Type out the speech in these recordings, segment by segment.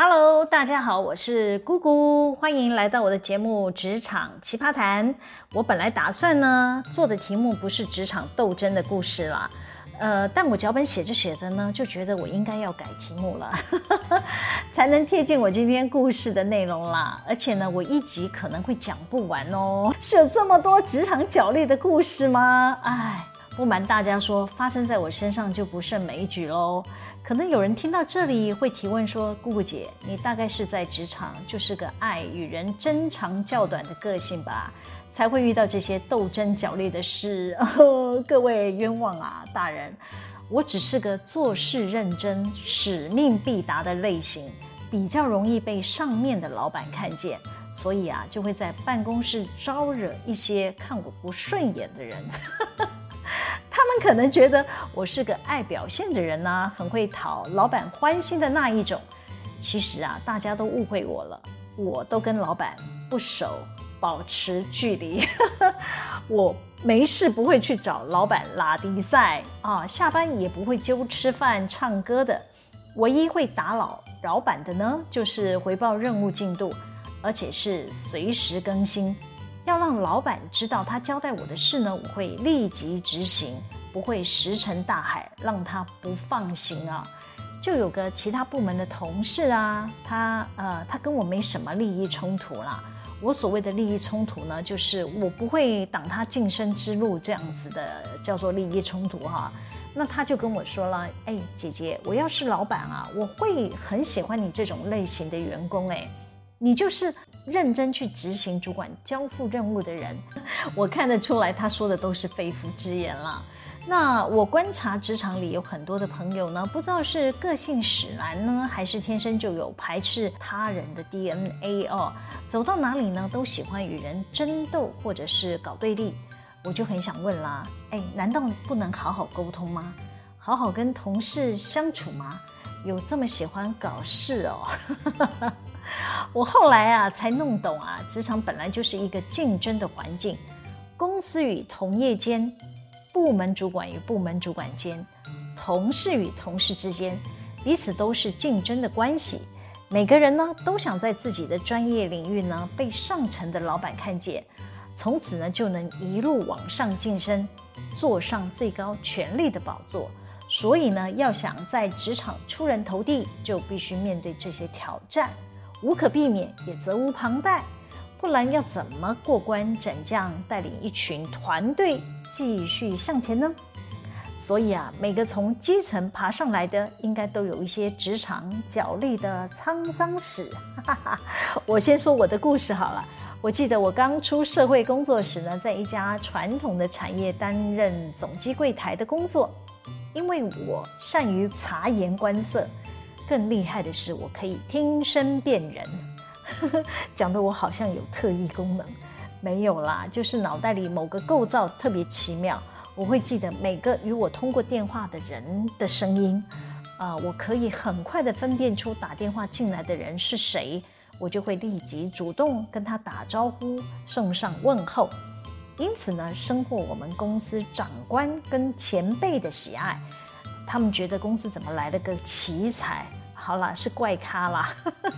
Hello，大家好，我是姑姑，歡迎來到我的節目《職場奇葩談》。我本來打算呢，做的題目不是職場鬥爭的故事啦，呃，但我腳本寫着寫着呢，就覺得我應該要改題目了， 才能貼近我今天故事的內容啦。而且呢，我一集可能會講不完哦，是有這麼多職場角力的故事嗎？唉，不瞞大家說，發生在我身上就不勝枚舉嘍。可能有人聽到這裡會提問說：“Gugu 姊，你大概是在職場就是個愛與人爭長較短的個性吧，才會遇到這些鬥爭角力的事？”哦，各位冤枉啊，大人，我只是個做事認真、使命必達的類型，比較容易被上面的老板看見，所以啊，就會在辦公室招惹一些看我不順眼的人。可能覺得我是個愛表現的人呢、啊，很會討老闆歡心的那一種。其實啊，大家都誤會我了，我都跟老闆不熟，保持距離。 我沒事不會去找老闆拉低賽啊，下班也不會揪吃飯唱歌的。唯一會打擾老闆的呢，就是回報任務進度，而且是隨時更新，要讓老闆知道他交代我的事呢，我會立即執行。不會石沉大海，讓他不放心啊。就有個其他部門的同事啊，他呃，他跟我沒什麼利益衝突啦、啊。我所謂的利益衝突呢，就是我不會擋他晉升之路這樣子的，叫做利益衝突哈、啊。那他就跟我說了，哎，姐姐，我要是老板啊，我會很喜歡你這種類型的員工哎、欸，你就是認真去執行主管交付任務的人， 我看得出來，他說的都是肺腑之言啦。那我觀察職場裡有很多的朋友呢，不知道是個性使然呢，還是天生就有排斥他人的 DNA 哦。走到哪裡呢，都喜歡與人爭鬥或者是搞對立，我就很想問啦，哎，難道不能好好溝通嗎？好好跟同事相處嗎？有這麼喜歡搞事哦？我後來啊才弄懂啊，職場本來就是一個競爭的環境，公司與同業間。部門主管與部門主管間，同事與同事之間，彼此都是競爭的關係。每個人呢，都想在自己的專業領域呢被上層的老板看見，從此呢就能一路往上晉升，坐上最高權力的寶座。所以呢，要想在職場出人頭地，就必須面對這些挑戰，無可避免，也責無旁貸。不然要怎麼過關斬將，帶領一群團隊？繼續向前呢，所以啊，每個從基層爬上來的，應該都有一些職場角力的滄桑史。 我先說我的故事好了。我記得我剛出社會工作時呢，在一家傳統的產業擔任總機櫃檯的工作。因為我善於察言觀色，更厲害的是，我可以聽聲辨人， 講得我好像有特異功能。沒有啦，就是腦袋裡某個構造特別奇妙。我會記得每個與我通過電話的人的聲音，啊、呃，我可以很快的分辨出打電話進來的人是誰，我就會立即主動跟他打招呼，送上問候。因此呢，深獲我們公司長官跟前輩的喜愛，他們覺得公司怎麼來了個奇才。好啦，是怪咖啦。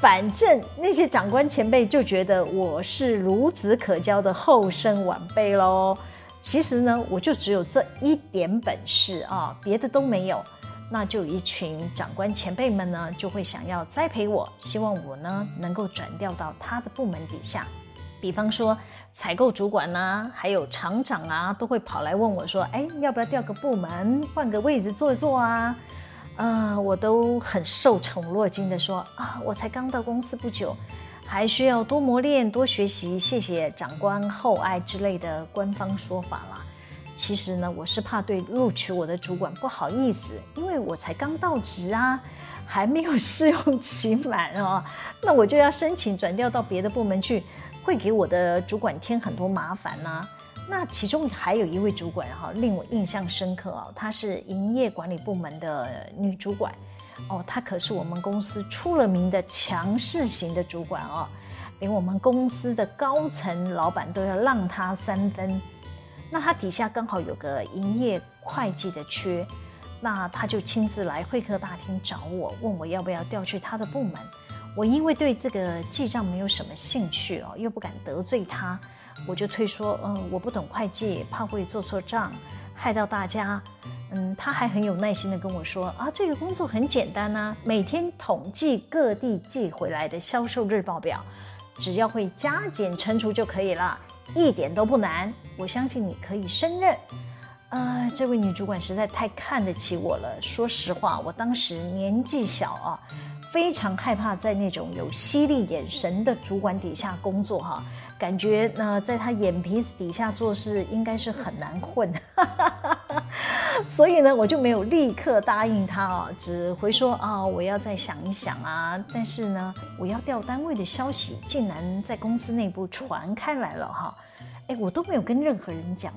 反正那些長官前輩就覺得我是孺子可教的後生晚輩嘍。其實呢，我就只有這一點本事啊，別的都沒有。那就有一群長官前輩們呢，就會想要栽培我，希望我呢能夠轉調到他的部門底下。比方說採購主管吶，還有廠長啊，都會跑來問我，說：“哎，要不要調個部門，換個位置坐一坐啊？”嗯、呃，我都很受寵若驚地說啊，我才剛到公司不久，還需要多磨練、多學習，謝謝長官厚愛之類的官方說法啦。其實呢，我是怕對錄取我的主管不好意思，因為我才剛到職啊，還沒有試用期滿哦，那我就要申請轉調到別的部門去，會給我的主管添很多麻煩呢、啊。那其中還有一位主管哈，哦，令我印象深刻哦，她是營業管理部門的女主管，哦，她可是我們公司出了名的強勢型的主管哦，連我們公司的高層老闆都要讓她三分。那她底下剛好有個營業會計的缺，那她就親自來會客大廳找我，問我要不要調去她的部門。我因為對這個記賬沒有什麼興趣哦，又不敢得罪她。我就推說，嗯，我不懂會計，怕會做錯賬，害到大家。嗯，他還很有耐心地跟我說，啊，這個工作很簡單吶，啊，每天統計各地寄回來的銷售日報表，只要會加減乘除就可以了，一點都不難。我相信你可以勝任。啊，這位女主管實在太看得起我了。說實話，我當時年紀小啊。非常害怕在那種有犀利眼神的主管底下工作，哈，感覺呢，在他眼皮子底下做事應該是很難混， 所以呢，我就沒有立刻答應他啊，只回說啊、哦，我要再想一想啊。但是呢，我要調單位的消息竟然在公司內部傳開來了，哈，我都沒有跟任何人講，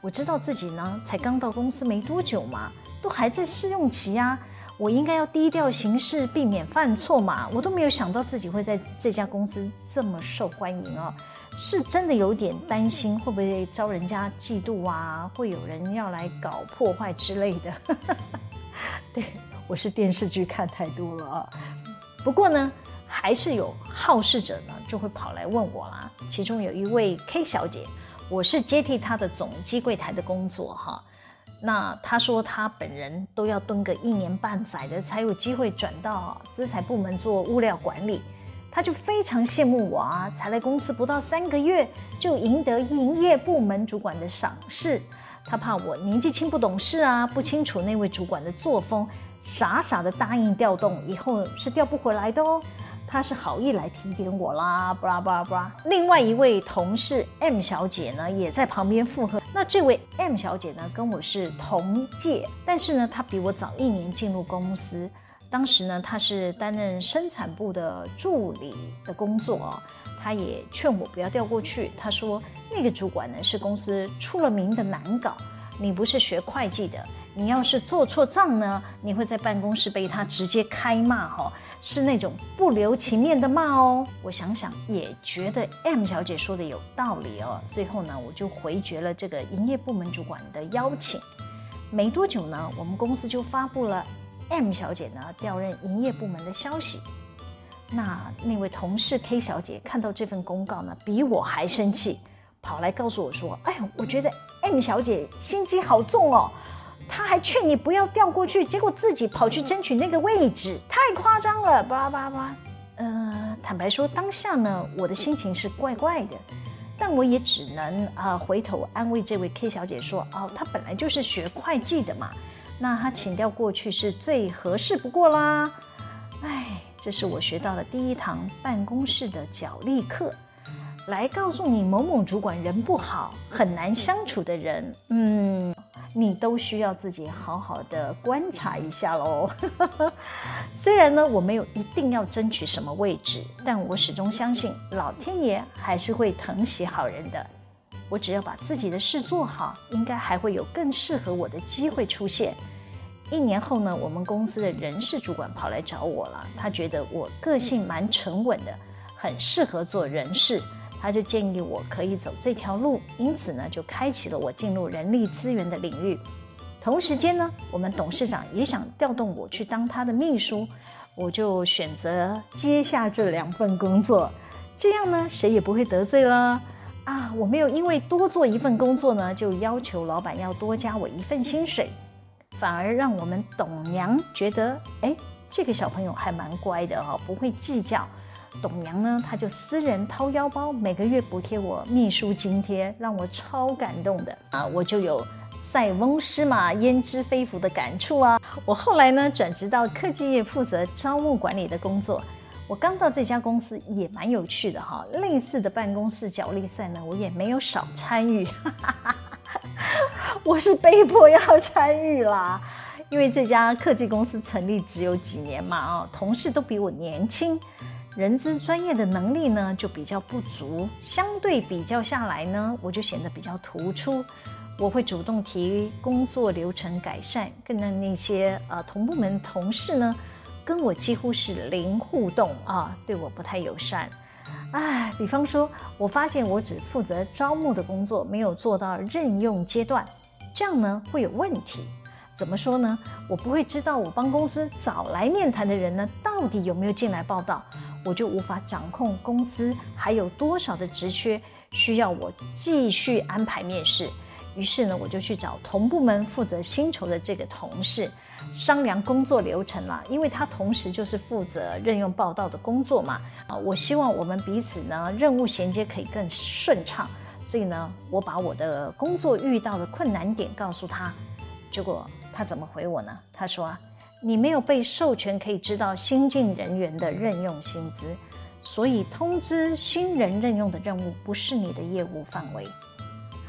我知道自己呢才剛到公司沒多久嘛，都還在試用期啊。我應該要低調行事，避免犯錯嘛。我都沒有想到自己會在這家公司這麼受歡迎啊、哦，是真的有點擔心會不會招人家嫉妒啊，會有人要來搞破壞之類的。 對，我是電視劇看太多了啊。不過呢，還是有好事者呢，就會跑來問我啦、啊。其中有一位 K 小姐，我是接替她的總機櫃檯的工作哈。那他說他本人都要蹲個一年半載的，才有機會轉到資材部門做物料管理，他就非常羨慕我啊！才來公司不到三個月，就贏得營業部門主管的賞識。他怕我年紀輕不懂事啊，不清楚那位主管的作風，傻傻的答應調動，以後是調不回來的哦。他是好意來提點我啦，布拉布拉布拉。另外一位同事 M 小姐呢，也在旁邊附和。那這位 M 小姐呢，跟我是同屆，但是呢，她比我早一年進入公司。當時呢，她是擔任生產部的助理的工作哦。她也勸我不要調過去。她說那個主管呢，是公司出了名的難搞。你不是學會計的，你要是做錯賬呢，你會在辦公室被她直接開罵哦是那種不留情面的罵哦，我想想也覺得 M 小姐說的有道理哦。最後呢，我就回絕了這個營業部門主管的邀請。沒多久呢，我們公司就發布了 M 小姐呢調任營業部門的消息。那那位同事 K 小姐看到這份公告呢，比我還生氣，跑來告訴我說：“哎呀，我覺得 M 小姐心機好重哦。”他還勸你不要調過去，結果自己跑去爭取那個位置，太誇張了！叭叭叭，嗯，坦白說，當下呢，我的心情是怪怪的，但我也只能啊、呃、回頭安慰這位 K 小姐說：哦，她本來就是學會計的嘛，那她請調過去是最合適不過啦。哎，這是我學到的第一堂辦公室的角力課，來告訴你某某主管人不好，很難相處的人，嗯。你都需要自己好好的觀察一下嘍。 雖然呢，我沒有一定要爭取什麼位置，但我始終相信老天爺還是會疼惜好人的。我只要把自己的事做好，應該還會有更適合我的機會出現。一年後呢，我們公司的人事主管跑來找我了，他覺得我個性蠻沉穩的，很適合做人事。他就建議我可以走這條路，因此呢，就開啟了我進入人力資源的領域。同時間呢，我們董事長也想調動我去當他的秘書，我就選擇接下這兩份工作。這樣呢，誰也不會得罪了啊！我沒有因為多做一份工作呢，就要求老闆要多加我一份薪水，反而讓我們董娘覺得，哎，這個小朋友還蠻乖的哈，不會計較。董娘呢，她就私人掏腰包，每個月補貼我秘書津貼，讓我超感動的啊！我就有“塞翁失馬，焉知非福”的感觸啊！我後來呢，轉職到科技業負責招募管理的工作。我剛到這家公司也蠻有趣的哈、哦，類似的辦公室角力賽呢，我也沒有少參與， 我是被迫要參與啦，因為這家科技公司成立只有幾年嘛啊，同事都比我年輕。人資專業的能力呢，就比較不足，相對比較下來呢，我就顯得比較突出。我會主動提工作流程改善，更讓那些呃同部門同事呢跟我幾乎是零互動啊，對我不太友善。唉，比方說，我發現我只負責招募的工作，沒有做到任用階段，這樣呢會有問題。怎麼說呢？我不會知道我幫公司找來面談的人呢到底有沒有進來報到。我就無法掌控公司還有多少的職缺需要我繼續安排面試，於是呢，我就去找同部門負責薪酬的這個同事商量工作流程了，因為他同時就是負責任用報到的工作嘛。啊，我希望我們彼此呢任務銜接可以更順暢，所以呢，我把我的工作遇到的困難點告訴他，結果他怎麼回我呢？他說。你沒有被授權可以知道新進人員的任用薪資，所以通知新人任用的任務不是你的業務範圍，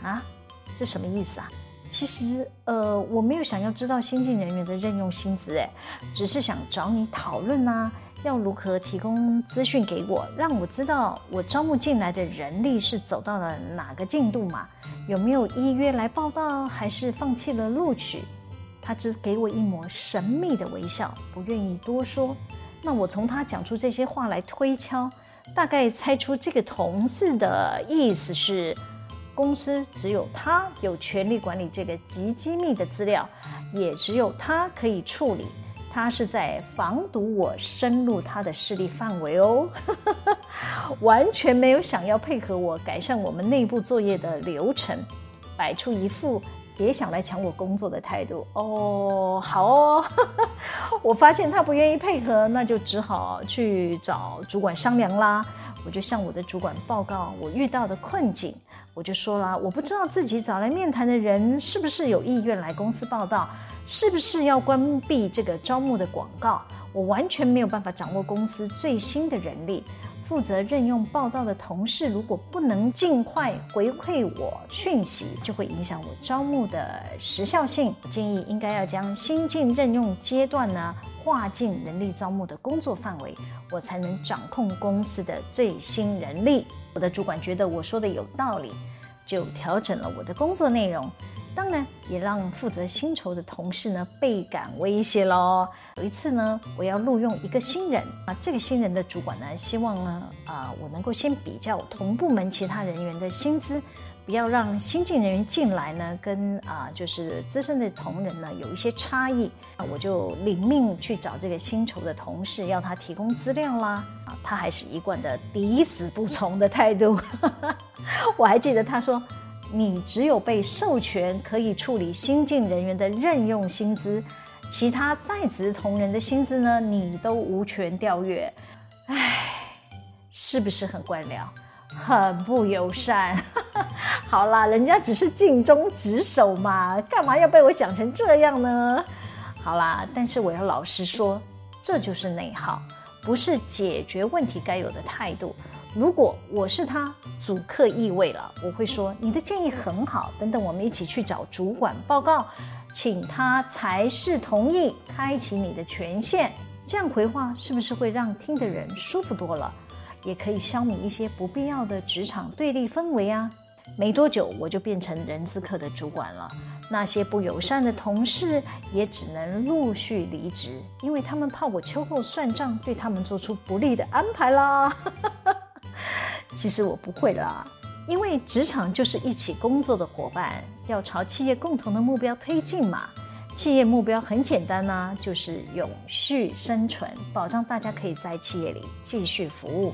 啊？這什麼意思啊？其實，呃，我沒有想要知道新進人員的任用薪資，誒，只是想找你討論啊，要如何提供資訊給我，讓我知道我招募進來的人力是走到了哪個進度嘛？有沒有依約來報到，還是放棄了錄取？他只給我一抹神秘的微笑，不願意多說。那我從他講出這些話來推敲，大概猜出這個同事的意思是：公司只有他有權力管理這個極機密的資料，也只有他可以處理。他是在防堵我深入他的勢力範圍哦， 完全沒有想要配合我改善我們內部作業的流程，擺出一副。別想來搶我工作的態度哦，oh, 好哦。 我發現他不願意配合，那就只好去找主管商量啦。我就向我的主管報告我遇到的困境，我就說了，我不知道自己找來面談的人是不是有意願來公司報到，是不是要關閉這個招募的廣告，我完全沒有辦法掌握公司最新的人力。負責任用報到的同事，如果不能盡快回饋我訊息，就會影響我招募的時效性，建議應該要將新進任用階段呢劃進人力招募的工作範圍，我才能掌控公司的最新人力。我的主管覺得我說的有道理，就調整了我的工作內容。當然，也讓負責薪酬的同事呢倍感威脅嘍。有一次呢，我要錄用一個新人啊，這個新人的主管呢希望呢啊我能夠先比較同部門其他人員的薪資，不要讓新進人員進來呢跟啊就是資深的同仁呢有一些差異啊，我就領命去找這個薪酬的同事要他提供資料啦啊，他還是一貫的抵死不從的態度， 我還記得他說。你只有被授權可以處理新進人員的任用薪資，其他在職同仁的薪資呢？你都無權調閱。唉，是不是很官僚，很不友善？ 好啦，人家只是盡忠職守嘛，幹嘛要被我講成這樣呢？好啦，但是我要老實說，這就是內耗，不是解決問題該有的態度。如果我是他主客易位了，我會說你的建議很好，等等，我們一起去找主管報告，請他才是同意開啟你的權限。這樣回話是不是會讓聽的人舒服多了？也可以消弭一些不必要的職場對立氛圍啊。沒多久我就變成人資課的主管了，那些不友善的同事也只能陸續離職，因為他們怕我秋後算賬，對他們做出不利的安排啦。其實我不會啦，因為職場就是一起工作的夥伴，要朝企業共同的目標推進嘛。企業目標很簡單呢，就是永續生存，保障大家可以在企業裡繼續服務。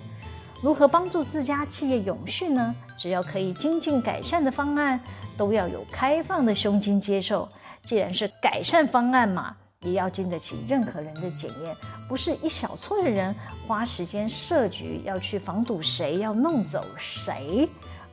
如何幫助自家企業永續呢？只要可以精進改善的方案，都要有開放的胸襟接受。既然是改善方案嘛。也要經得起任何人的檢驗，不是一小撮的人花時間設局要去防堵誰，要弄走誰，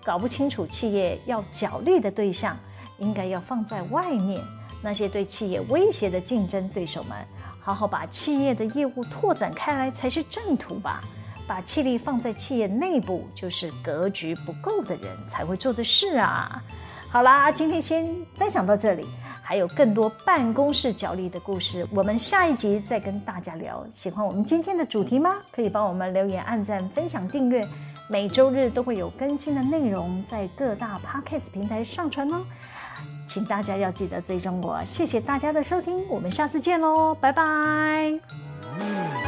搞不清楚企業要角力的對象，應該要放在外面那些對企業威脅的競爭對手們，好好把企業的業務拓展開來才是正途吧。把氣力放在企業內部，就是格局不夠的人才會做的事啊。好啦，今天先分享到這裡。還有更多辦公室角力的故事，我們下一集再跟大家聊。喜歡我們今天的主題嗎？可以幫我們留言、按讚、分享、訂閱。每周日都會有更新的內容在各大 Podcast 平台上傳哦，請大家要記得追蹤我。謝謝大家的收聽，我們下次見嘍，拜拜。嗯